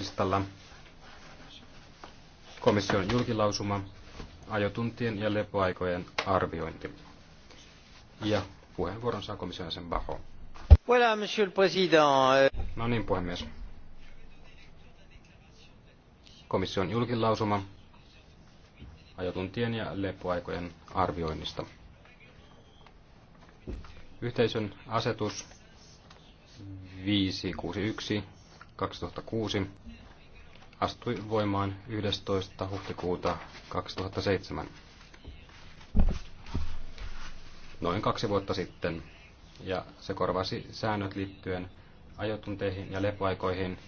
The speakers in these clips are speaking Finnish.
listalla komission julkilausuma, ajotuntien ja lepoaikojen arviointi. Ja puheenvuoron saa komission jäsen Baho. Voilà, monsieur le président. No niin, puhemies. Komission julkilausuma ajotuntien ja lepoaikojen arvioinnista. Yhteisön asetus 561 2006 astui voimaan 11. huhtikuuta 2007. Noin kaksi vuotta sitten, ja se korvasi säännöt liittyen ajotunteihin ja lepoaikoihin,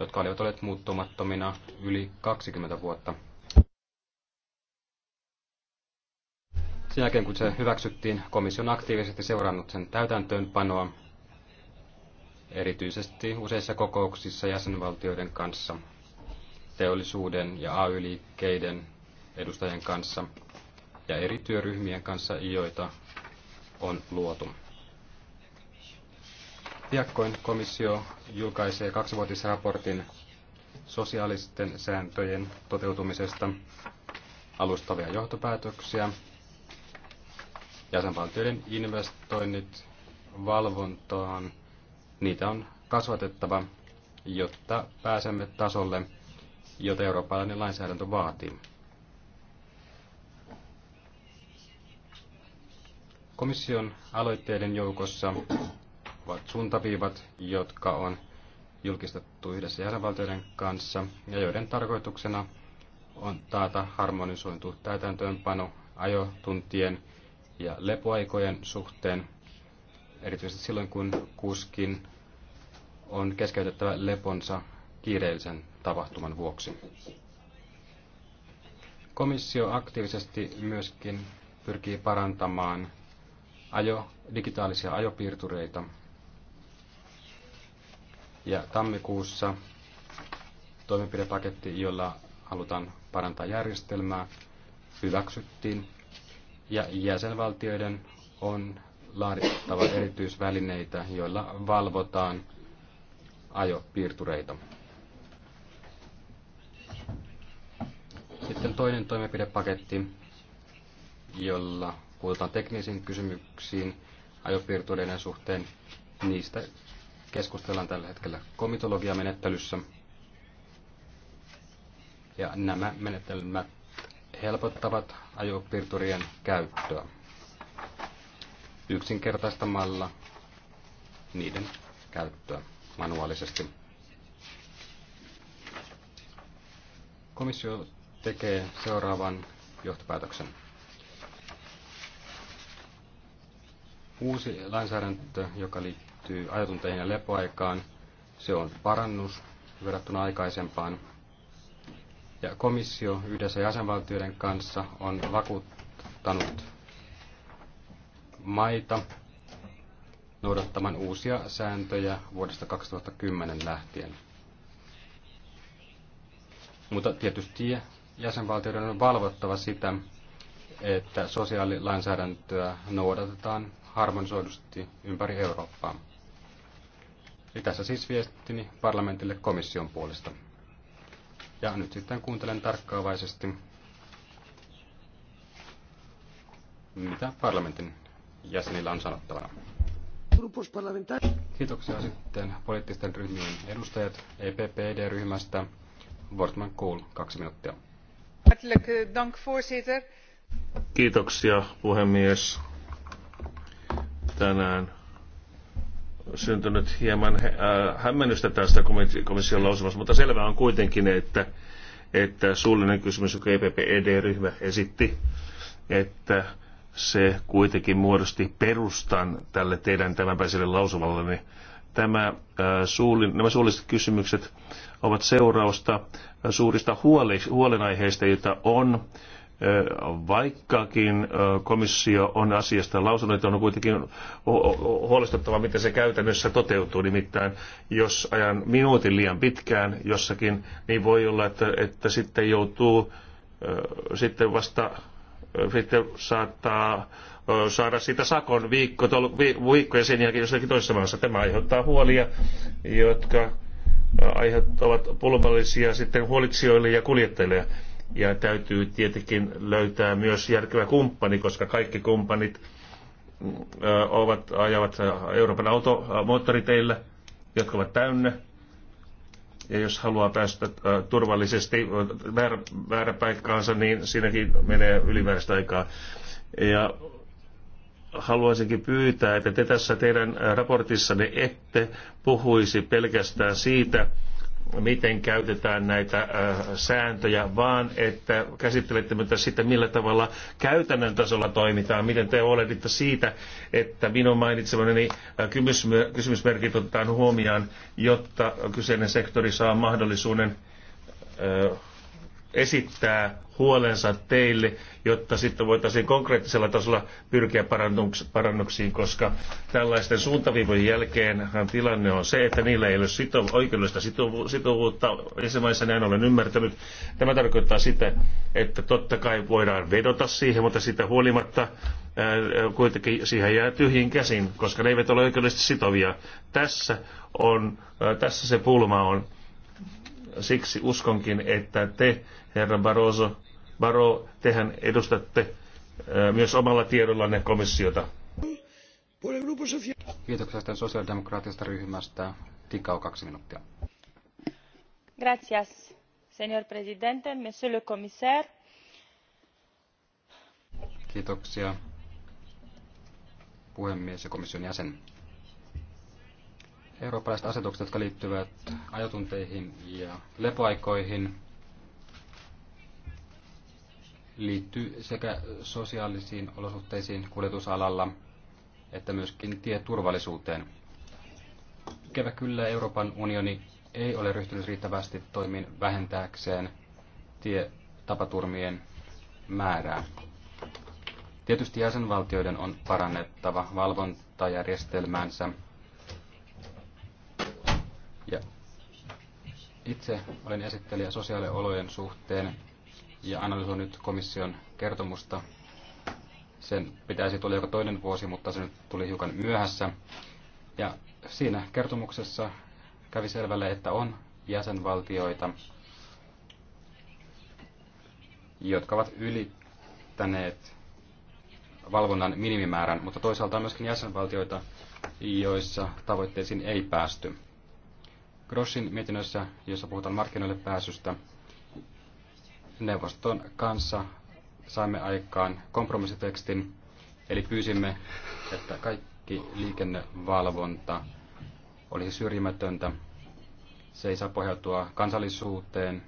jotka olivat olleet muuttumattomina yli 20 vuotta. Sen jälkeen kun se hyväksyttiin, komissio on aktiivisesti seurannut sen täytäntöönpanoa erityisesti useissa kokouksissa jäsenvaltioiden kanssa, teollisuuden ja AY-liikkeiden edustajien kanssa ja eri työryhmien kanssa, joita on luotu. Piakkoin komissio julkaisee kaksivuotisraportin sosiaalisten sääntöjen toteutumisesta alustavia johtopäätöksiä, jäsenvaltioiden investoinnit valvontaan – Niitä on kasvatettava, jotta pääsemme tasolle, jota eurooppalainen lainsäädäntö vaatii. Komission aloitteiden joukossa ovat suuntaviivat, jotka on julkistettu yhdessä jäsenvaltioiden kanssa ja joiden tarkoituksena on taata harmonisointu täytäntöönpano ajotuntien ja lepoaikojen suhteen, erityisesti silloin kun kuskin on keskeytettävä leponsa kiireellisen tapahtuman vuoksi. Komissio aktiivisesti myöskin pyrkii parantamaan ajo, digitaalisia ajopiirtureita. Ja tammikuussa toimenpidepaketti, jolla halutaan parantaa järjestelmää, hyväksyttiin. Ja jäsenvaltioiden on laadittava erityisvälineitä, joilla valvotaan ajopiirtureita. Sitten toinen toimenpidepaketti, jolla puututaan teknisiin kysymyksiin ajopiirtureiden suhteen. Niistä keskustellaan tällä hetkellä komitologiamenettelyssä. Ja nämä menetelmät helpottavat ajopiirturien käyttöä yksinkertaistamalla niiden käyttöä manuaalisesti. Komissio tekee seuraavan johtopäätöksen. Uusi lainsäädäntö, joka liittyy ajatunteihin ja lepoaikaan, se on parannus verrattuna aikaisempaan. Ja komissio yhdessä jäsenvaltioiden kanssa on vakuuttanut maita noudattamaan uusia sääntöjä vuodesta 2010 lähtien. Mutta tietysti jäsenvaltioiden on valvottava sitä, että sosiaalilainsäädäntöä noudatetaan harmonisoidusti ympäri Eurooppaa. Eli tässä siis viestini parlamentille komission puolesta. Ja nyt sitten kuuntelen tarkkaavaisesti, mitä parlamentin jäsenillä on sanottavana. Kiitoksia sitten poliittisten ryhmien edustajat EPPD-ryhmästä. Wortman Kuul, kaksi minuuttia. Eh, Kiitoksia puhemies. Tänään syntynyt hieman eh, hämmennystä tästä komission lausumasta, mutta selvää on kuitenkin, että, että suullinen kysymys, joka EPPED-ryhmä esitti, että se kuitenkin muodosti perustan tälle teidän tämänpäiselle niin Tämä, äh, suuli, nämä suulliset kysymykset ovat seurausta äh, suurista huole, huolenaiheista, joita on. Äh, vaikkakin komissio on asiasta lausunut, on kuitenkin huolestuttava, miten se käytännössä toteutuu. Nimittäin, jos ajan minuutin liian pitkään jossakin, niin voi olla, että, että sitten joutuu sitten vasta sitten saattaa saada siitä sakon viikko, tol, vi, ja sen jälkeen jossakin toisessa maassa. Tämä aiheuttaa huolia, jotka aiheuttavat pulmallisia sitten huolitsijoille ja kuljettajille. Ja täytyy tietenkin löytää myös järkevä kumppani, koska kaikki kumppanit mm, ovat, ajavat Euroopan automoottoriteillä, jotka ovat täynnä ja jos haluaa päästä turvallisesti väärä, väärä paikkaansa, niin siinäkin menee ylimääräistä aikaa. Ja haluaisinkin pyytää, että te tässä teidän raportissanne ette puhuisi pelkästään siitä, miten käytetään näitä sääntöjä, vaan että käsittelette myös sitä, millä tavalla käytännön tasolla toimitaan, miten te huolehditte siitä, että minun mainitsemani kysymysmerkit otetaan huomioon, jotta kyseinen sektori saa mahdollisuuden esittää huolensa teille, jotta sitten voitaisiin konkreettisella tasolla pyrkiä parannuksiin, koska tällaisten suuntaviivojen jälkeen tilanne on se, että niillä ei ole sitov- oikeudellista sitovu- sitovuutta. Esimerkiksi näin olen ymmärtänyt. Tämä tarkoittaa sitä, että totta kai voidaan vedota siihen, mutta sitä huolimatta kuitenkin siihen jää tyhjin käsin, koska ne eivät ole oikeudellisesti sitovia. Tässä, on, tässä se pulma on. Siksi uskonkin, että te, herra Barroso, Baro, tehän edustatte myös omalla tiedollanne komissiota. Kiitoksia sitten sosiaalidemokraattisesta ryhmästä. Tikau kaksi minuuttia. Gracias, señor presidente, monsieur le commissaire. Kiitoksia, puhemies ja komission jäsen. Eurooppalaiset asetukset, jotka liittyvät ajotunteihin ja lepoaikoihin, liittyy sekä sosiaalisiin olosuhteisiin kuljetusalalla että myöskin tieturvallisuuteen. Ikävä kyllä Euroopan unioni ei ole ryhtynyt riittävästi toimiin vähentääkseen tietapaturmien määrää. Tietysti jäsenvaltioiden on parannettava valvontajärjestelmäänsä. Ja itse olen esittelijä sosiaaliolojen suhteen ja analysoi nyt komission kertomusta. Sen pitäisi tulla joka toinen vuosi, mutta se nyt tuli hiukan myöhässä. Ja siinä kertomuksessa kävi selvälle, että on jäsenvaltioita, jotka ovat ylittäneet valvonnan minimimäärän, mutta toisaalta on myöskin jäsenvaltioita, joissa tavoitteisiin ei päästy. Grossin mietinnössä, jossa puhutaan markkinoille pääsystä, neuvoston kanssa saimme aikaan kompromissitekstin, eli pyysimme, että kaikki liikennevalvonta olisi syrjimätöntä. Se ei saa pohjautua kansallisuuteen,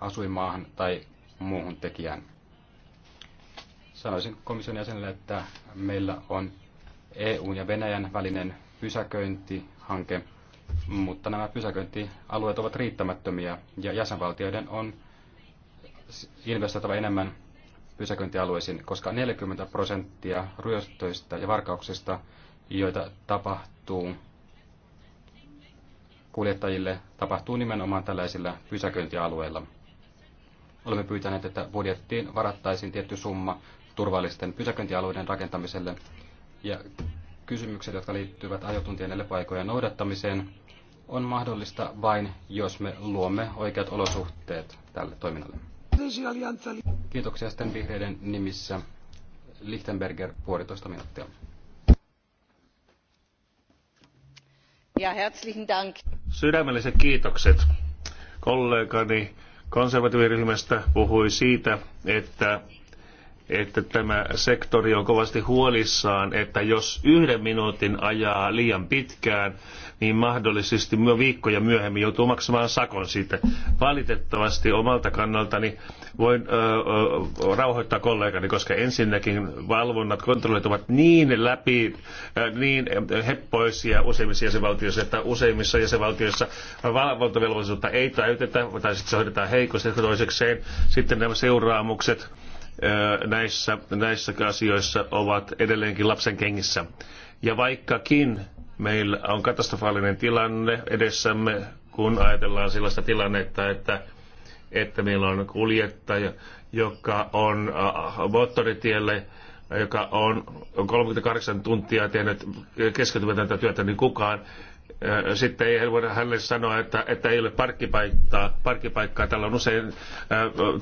asuinmaahan tai muuhun tekijään. Sanoisin komission jäsenelle, että meillä on EUn ja Venäjän välinen pysäköintihanke – mutta nämä pysäköintialueet ovat riittämättömiä ja jäsenvaltioiden on investoitava enemmän pysäköintialueisiin, koska 40 prosenttia ryöstöistä ja varkauksista, joita tapahtuu kuljettajille, tapahtuu nimenomaan tällaisilla pysäköintialueilla. Olemme pyytäneet, että budjettiin varattaisiin tietty summa turvallisten pysäköintialueiden rakentamiselle ja kysymykset, jotka liittyvät ajotuntien lepoaikojen noudattamiseen, on mahdollista vain, jos me luomme oikeat olosuhteet tälle toiminnalle. Kiitoksia sitten vihreiden nimissä. Lichtenberger, puolitoista minuuttia. Ja herzlichen Dank. Sydämelliset kiitokset. Kollegani konservatiiviryhmästä puhui siitä, että että tämä sektori on kovasti huolissaan, että jos yhden minuutin ajaa liian pitkään, niin mahdollisesti myö viikkoja myöhemmin joutuu maksamaan sakon siitä. Valitettavasti omalta kannaltani voin ö, ö, rauhoittaa kollegani, koska ensinnäkin valvonnat, kontrollit ovat niin läpi, ö, niin heppoisia useimmissa jäsenvaltioissa, että useimmissa jäsenvaltioissa valvontavelvollisuutta ei täytetä, tai sitten se hoidetaan heikosti toisekseen. Sitten nämä seuraamukset, näissä, näissä asioissa ovat edelleenkin lapsen kengissä. Ja vaikkakin meillä on katastrofaalinen tilanne edessämme, kun ajatellaan sellaista tilannetta, että, että meillä on kuljettaja, joka on moottoritielle, joka on 38 tuntia tehnyt keskeytymätöntä työtä, niin kukaan sitten ei voida hänelle sanoa, että, että ei ole parkkipaikkaa. parkkipaikkaa. on usein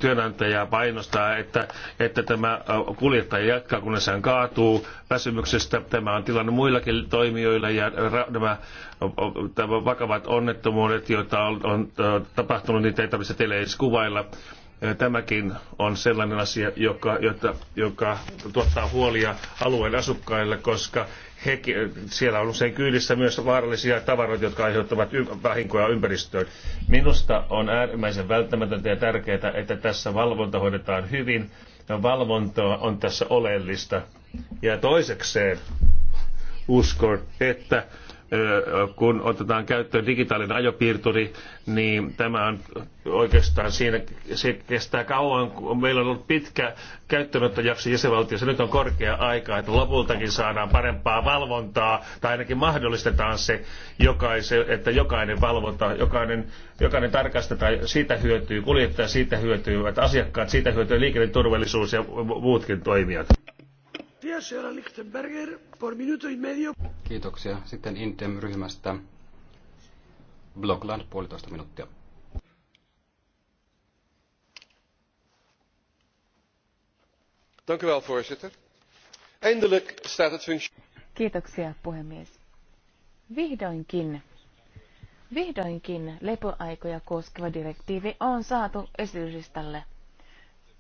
työnantaja painostaa, että, että tämä kuljettaja jatkaa, kunnes hän kaatuu väsymyksestä. Tämä on tilanne muillakin toimijoilla ja nämä, vakavat onnettomuudet, joita on, on tapahtunut, niitä ei tarvitse teille edes kuvailla. Tämäkin on sellainen asia, joka, jota, joka tuottaa huolia alueen asukkaille, koska he, siellä on usein kyydissä myös vaarallisia tavaroita, jotka aiheuttavat vahinkoja ympäristöön. Minusta on äärimmäisen välttämätöntä ja tärkeää, että tässä valvonta hoidetaan hyvin. Ja valvonta on tässä oleellista. Ja toisekseen uskon, että kun otetaan käyttöön digitaalinen ajopiirturi, niin tämä on oikeastaan siinä, se kestää kauan, kun meillä on ollut pitkä käyttöönottojakso jäsenvaltiossa. Nyt on korkea aika, että lopultakin saadaan parempaa valvontaa, tai ainakin mahdollistetaan se, että jokainen valvonta, jokainen, jokainen tarkastetaan, siitä hyötyy kuljettaja, siitä hyötyy, että asiakkaat, siitä hyötyy liikenneturvallisuus ja muutkin toimijat. Kiitoksia. Sitten Intem-ryhmästä Blokland puolitoista minuuttia. voorzitter eindelijk staat het functioneren. puhemies vihdoinkin vihdoinkin lepoaikoja koskeva direktiivi on saatu esityslistalle.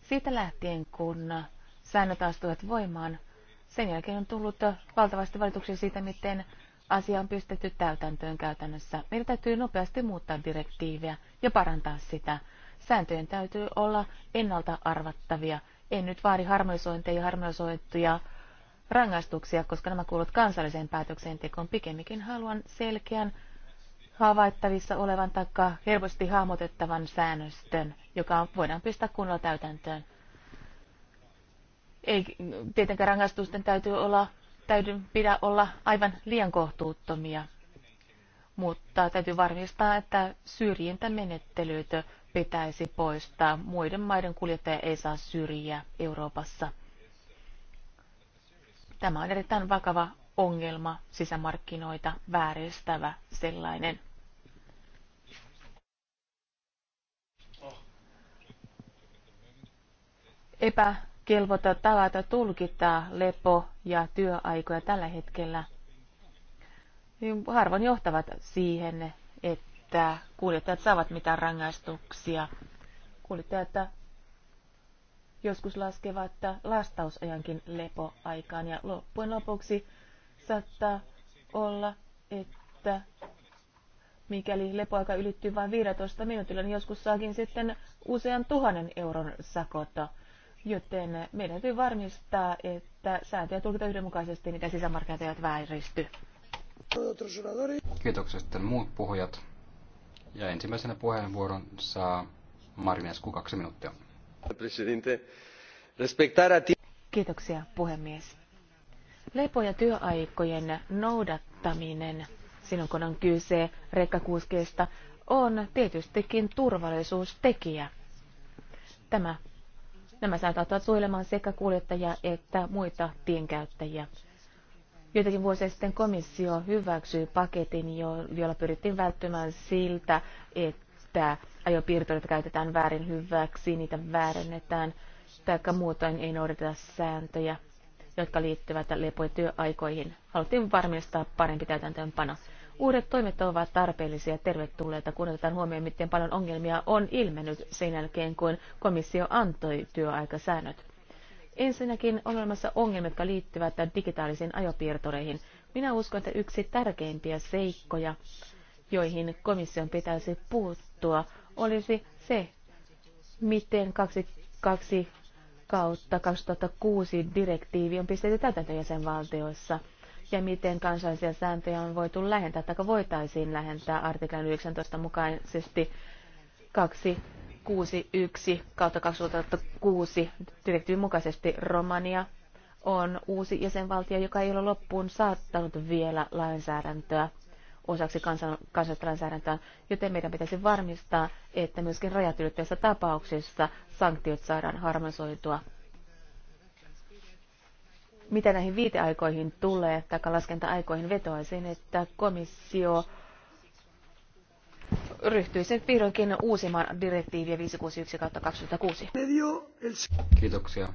Siitä lähtien kun säännöt astuivat voimaan sen jälkeen on tullut valtavasti valituksia siitä, miten asia on pystytty täytäntöön käytännössä. Meidän täytyy nopeasti muuttaa direktiiviä ja parantaa sitä. Sääntöjen täytyy olla ennalta arvattavia. En nyt vaadi harmonisointeja ja harmonisointuja rangaistuksia, koska nämä kuuluvat kansalliseen päätöksentekoon. Pikemminkin haluan selkeän, havaittavissa olevan taikka helposti hahmotettavan säännöstön, joka voidaan pistää kunnolla täytäntöön. Ei, tietenkään rangaistusten täytyy olla, täytyy pidä olla aivan liian kohtuuttomia, mutta täytyy varmistaa, että syrjintämenettelyt pitäisi poistaa. Muiden maiden kuljettaja ei saa syrjiä Euroopassa. Tämä on erittäin vakava ongelma, sisämarkkinoita vääristävä sellainen. Epä kelvota tavata tulkita lepo- ja työaikoja tällä hetkellä niin harvoin johtavat siihen, että kuljettajat saavat mitään rangaistuksia. Kuljettajat joskus laskevat lastausajankin lepoaikaan ja loppujen lopuksi saattaa olla, että mikäli lepoaika ylittyy vain 15 minuutilla, niin joskus saakin sitten usean tuhannen euron sakota. Joten meidän täytyy varmistaa, että sääntöjä tulkitaan yhdenmukaisesti, mitä niin sisämarkkinat eivät vääristy. Kiitoksia sitten muut puhujat. Ja ensimmäisenä puheenvuoron saa Marinescu kaksi minuuttia. Kiitoksia puhemies. Lepo- ja työaikojen noudattaminen sinun kun on kyse rekkakuskeista on tietystikin turvallisuustekijä. Tämä Nämä saattavat suojelemaan sekä kuljettajia että muita tienkäyttäjiä. Joitakin vuosia sitten komissio hyväksyi paketin, jolla pyrittiin välttämään siltä, että ajopiirtoita käytetään väärin hyväksi, niitä väärennetään, tai muutoin ei noudateta sääntöjä, jotka liittyvät lepo- ja työaikoihin. Haluttiin varmistaa parempi täytäntöönpano. Uudet toimet ovat tarpeellisia ja tervetulleita, kun otetaan huomioon, miten paljon ongelmia on ilmennyt sen jälkeen, kun komissio antoi työaikasäännöt. Ensinnäkin on olemassa ongelmia, jotka liittyvät digitaalisiin ajopiirtoreihin. Minä uskon, että yksi tärkeimpiä seikkoja, joihin komission pitäisi puuttua, olisi se, miten 22 kautta 2006 direktiivi on pistetty täytäntöön jäsenvaltioissa – ja miten kansallisia sääntöjä on voitu lähentää tai voitaisiin lähentää artiklan 19 mukaisesti 261 kautta 2006 direktiivin mukaisesti Romania on uusi jäsenvaltio, joka ei ole loppuun saattanut vielä lainsäädäntöä osaksi kansan, kansallista lainsäädäntöä, joten meidän pitäisi varmistaa, että myöskin rajat tapauksissa sanktiot saadaan harmonisoitua mitä näihin viiteaikoihin tulee, tai laskenta-aikoihin vetoaisin, että komissio ryhtyy sen vihdoinkin uusimaan direktiiviä 561-2006. Kiitoksia.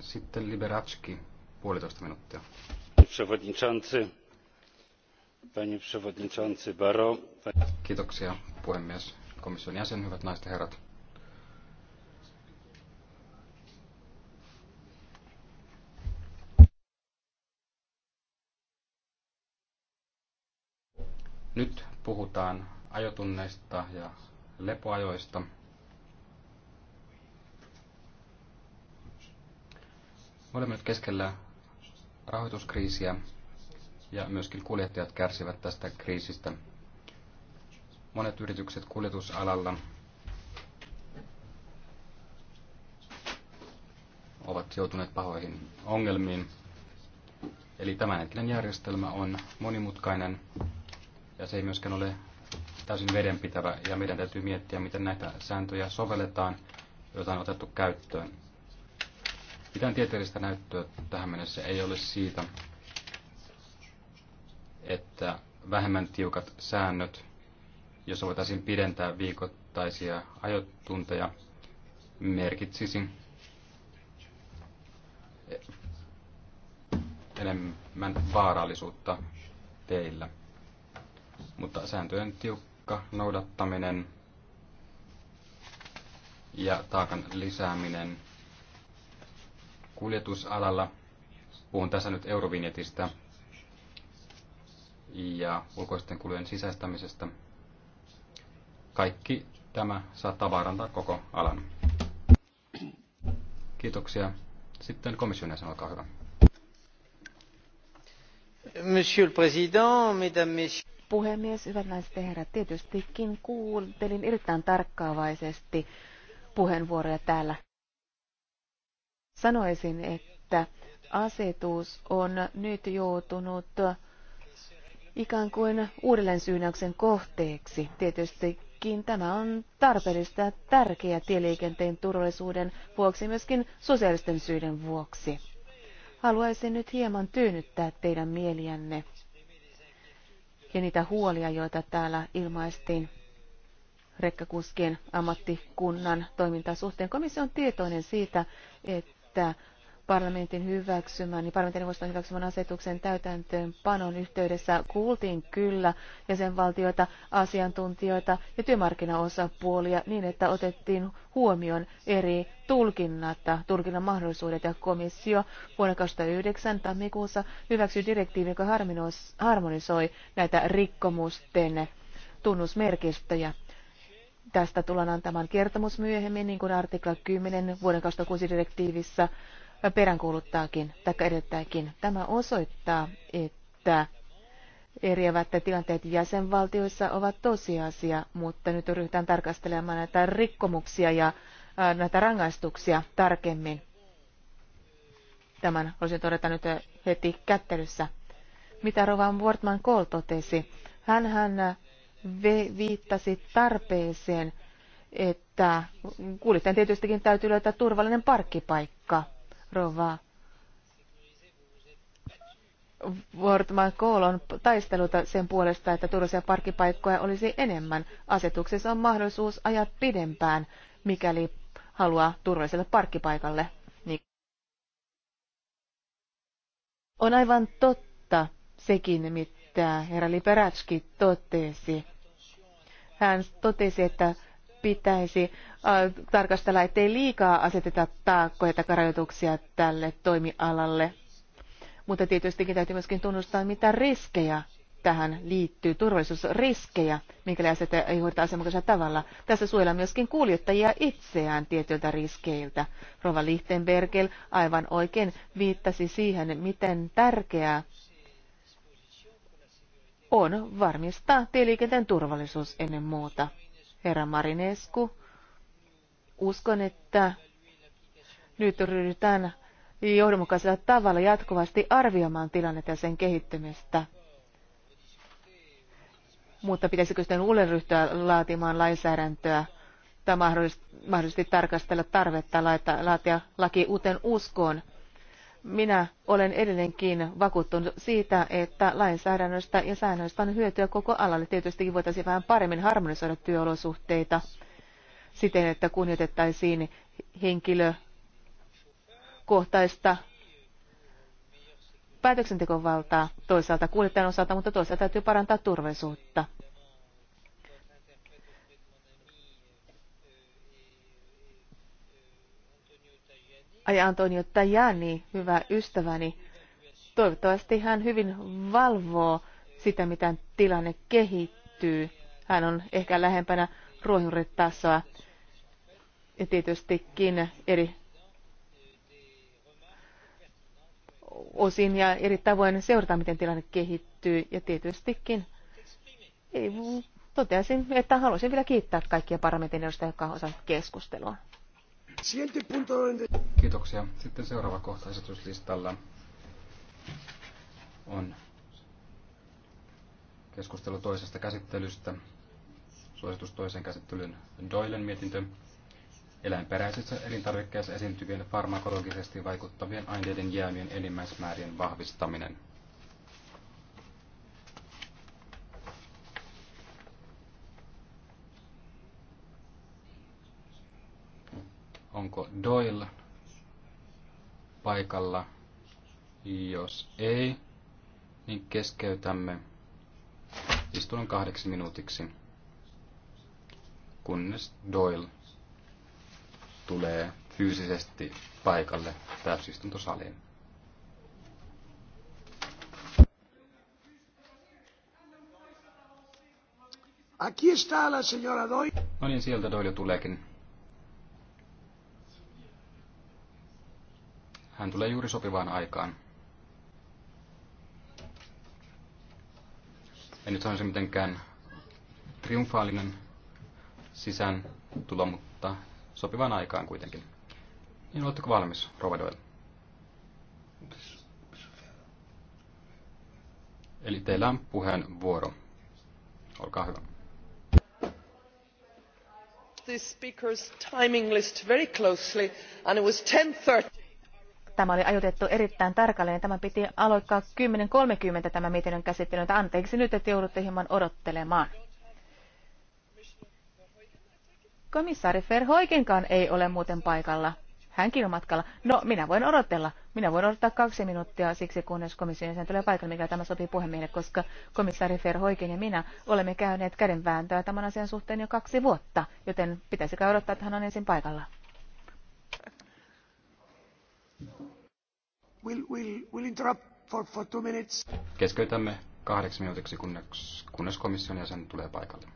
Sitten Liberatski, puolitoista minuuttia. Przewodniczący, panie przewodniczący Baro. Kiitoksia, puhemies, komission jäsen, hyvät naiset ja herrat. Nyt puhutaan ajotunneista ja lepoajoista. Me olemme nyt keskellä rahoituskriisiä ja myöskin kuljettajat kärsivät tästä kriisistä. Monet yritykset kuljetusalalla ovat joutuneet pahoihin ongelmiin. Eli tämänhetkinen järjestelmä on monimutkainen ja se ei myöskään ole täysin vedenpitävä, ja meidän täytyy miettiä, miten näitä sääntöjä sovelletaan, joita on otettu käyttöön. Mitään tieteellistä näyttöä tähän mennessä ei ole siitä, että vähemmän tiukat säännöt, jos voitaisiin pidentää viikoittaisia ajotunteja, merkitsisi enemmän vaarallisuutta teillä. Mutta sääntöjen tiukka noudattaminen ja taakan lisääminen kuljetusalalla, puhun tässä nyt Eurovinjetistä ja ulkoisten kulujen sisäistämisestä, kaikki tämä saattaa vaarantaa koko alan. Kiitoksia. Sitten komission jäsen, olkaa hyvä. Monsieur le Président, Mesdames, Messieurs. Puhemies, hyvät naiset ja herrat, tietystikin kuuntelin erittäin tarkkaavaisesti puheenvuoroja täällä. Sanoisin, että asetus on nyt joutunut ikään kuin uudelleen syynäyksen kohteeksi. Tietystikin tämä on tarpeellista ja tärkeä tieliikenteen turvallisuuden vuoksi, myöskin sosiaalisten syiden vuoksi. Haluaisin nyt hieman tyynyttää teidän mieliänne ja niitä huolia, joita täällä ilmaistiin rekkakuskien ammattikunnan toimintasuhteen Komissio on tietoinen siitä, että parlamentin hyväksymän ja niin parlamentin neuvoston hyväksymän asetuksen täytäntöönpanon yhteydessä kuultiin kyllä jäsenvaltioita, asiantuntijoita ja työmarkkinaosapuolia niin, että otettiin huomioon eri tulkinnat, tulkinnan mahdollisuudet ja komissio vuonna 2009 tammikuussa hyväksyi direktiivin, joka harmonisoi näitä rikkomusten tunnusmerkistöjä. Tästä tullaan antamaan kertomus myöhemmin, niin kuin artikla 10 vuoden 2006 direktiivissä peräänkuuluttaakin tai edellyttääkin. Tämä osoittaa, että eriävät tilanteet jäsenvaltioissa ovat tosiasia, mutta nyt ryhdytään tarkastelemaan näitä rikkomuksia ja näitä rangaistuksia tarkemmin. Tämän olisin todeta nyt heti kättelyssä. Mitä Rovan Wortman Kohl totesi? Hän, hän viittasi tarpeeseen, että kuljettajan tietystikin täytyy löytää turvallinen parkkipaikka – Rova Wortman on taisteluta sen puolesta, että turvallisia parkkipaikkoja olisi enemmän. Asetuksessa on mahdollisuus ajaa pidempään, mikäli haluaa turvalliselle parkkipaikalle. Niin. On aivan totta sekin, mitä herra Liberatski totesi. Hän totesi, että pitäisi tarkastella, ettei liikaa aseteta taakkoja tai rajoituksia tälle toimialalle. Mutta tietystikin täytyy myöskin tunnustaa, mitä riskejä tähän liittyy, turvallisuusriskejä, mikäli asioita ei hoideta asianmukaisella tavalla. Tässä suojellaan myöskin kuljettajia itseään tietyiltä riskeiltä. Rova Lichtenbergel aivan oikein viittasi siihen, miten tärkeää on varmistaa tieliikenteen turvallisuus ennen muuta herra Marinescu Uskon, että nyt ryhdytään johdonmukaisella tavalla jatkuvasti arvioimaan tilannetta ja sen kehittymistä. Mutta pitäisikö sitten uudelleen ryhtyä laatimaan lainsäädäntöä tai mahdollisesti tarkastella tarvetta laatia laki uuteen uskoon? Minä olen edelleenkin vakuuttunut siitä, että lainsäädännöstä ja säännöistä on hyötyä koko alalle. Tietystikin voitaisiin vähän paremmin harmonisoida työolosuhteita siten, että kunnioitettaisiin henkilökohtaista päätöksentekovaltaa toisaalta kuljettajan osalta, mutta toisaalta täytyy parantaa turvallisuutta. Ai Antonio Tajani, hyvä ystäväni, toivottavasti hän hyvin valvoo sitä, miten tilanne kehittyy. Hän on ehkä lähempänä ruohonjuuritasoa ja tietystikin eri osin ja eri tavoin seurata, miten tilanne kehittyy ja tietystikin ei, toteaisin, että haluaisin vielä kiittää kaikkia parlamentin edustajia, jotka osaavat keskustelua. Kiitoksia. Sitten seuraava kohta esityslistalla on keskustelu toisesta käsittelystä. Suositus toisen käsittelyn Doylen mietintö. Eläinperäisissä elintarvikkeissa esiintyvien farmakologisesti vaikuttavien aineiden jäämien enimmäismäärien vahvistaminen. onko Doyle paikalla. Jos ei, niin keskeytämme istunnon kahdeksi minuutiksi, kunnes Doyle tulee fyysisesti paikalle täysistuntosaliin. Aquí está la señora Doyle. No niin, sieltä Doyle tuleekin. Hän tulee juuri sopivaan aikaan. En nyt sanoisi mitenkään triumfaalinen sisään tulo, mutta sopivaan aikaan kuitenkin. Niin oletteko valmis, Rova Doyle? Eli teillä on puheenvuoro. Olkaa hyvä. This speaker's timing list very closely and it was 10.30. Tämä oli ajoitettu erittäin tarkalleen. Tämä piti aloittaa 10.30 tämä mietinnön käsittely. Anteeksi nyt, että joudutte hieman odottelemaan. Komissaari Verhoikenkaan ei ole muuten paikalla. Hänkin on matkalla. No, minä voin odotella. Minä voin odottaa kaksi minuuttia siksi, kunnes komission jäsen tulee paikalle, mikä tämä sopii puhemiehelle, koska komissaari Verhoiken ja minä olemme käyneet kädenvääntöä tämän asian suhteen jo kaksi vuotta, joten pitäisikö odottaa, että hän on ensin paikalla. We'll, we'll, we'll interrupt for, for two minutes. Keskeytämme kahdeksi minuutiksi, kunnes, kunnes komission jäsen tulee paikalle.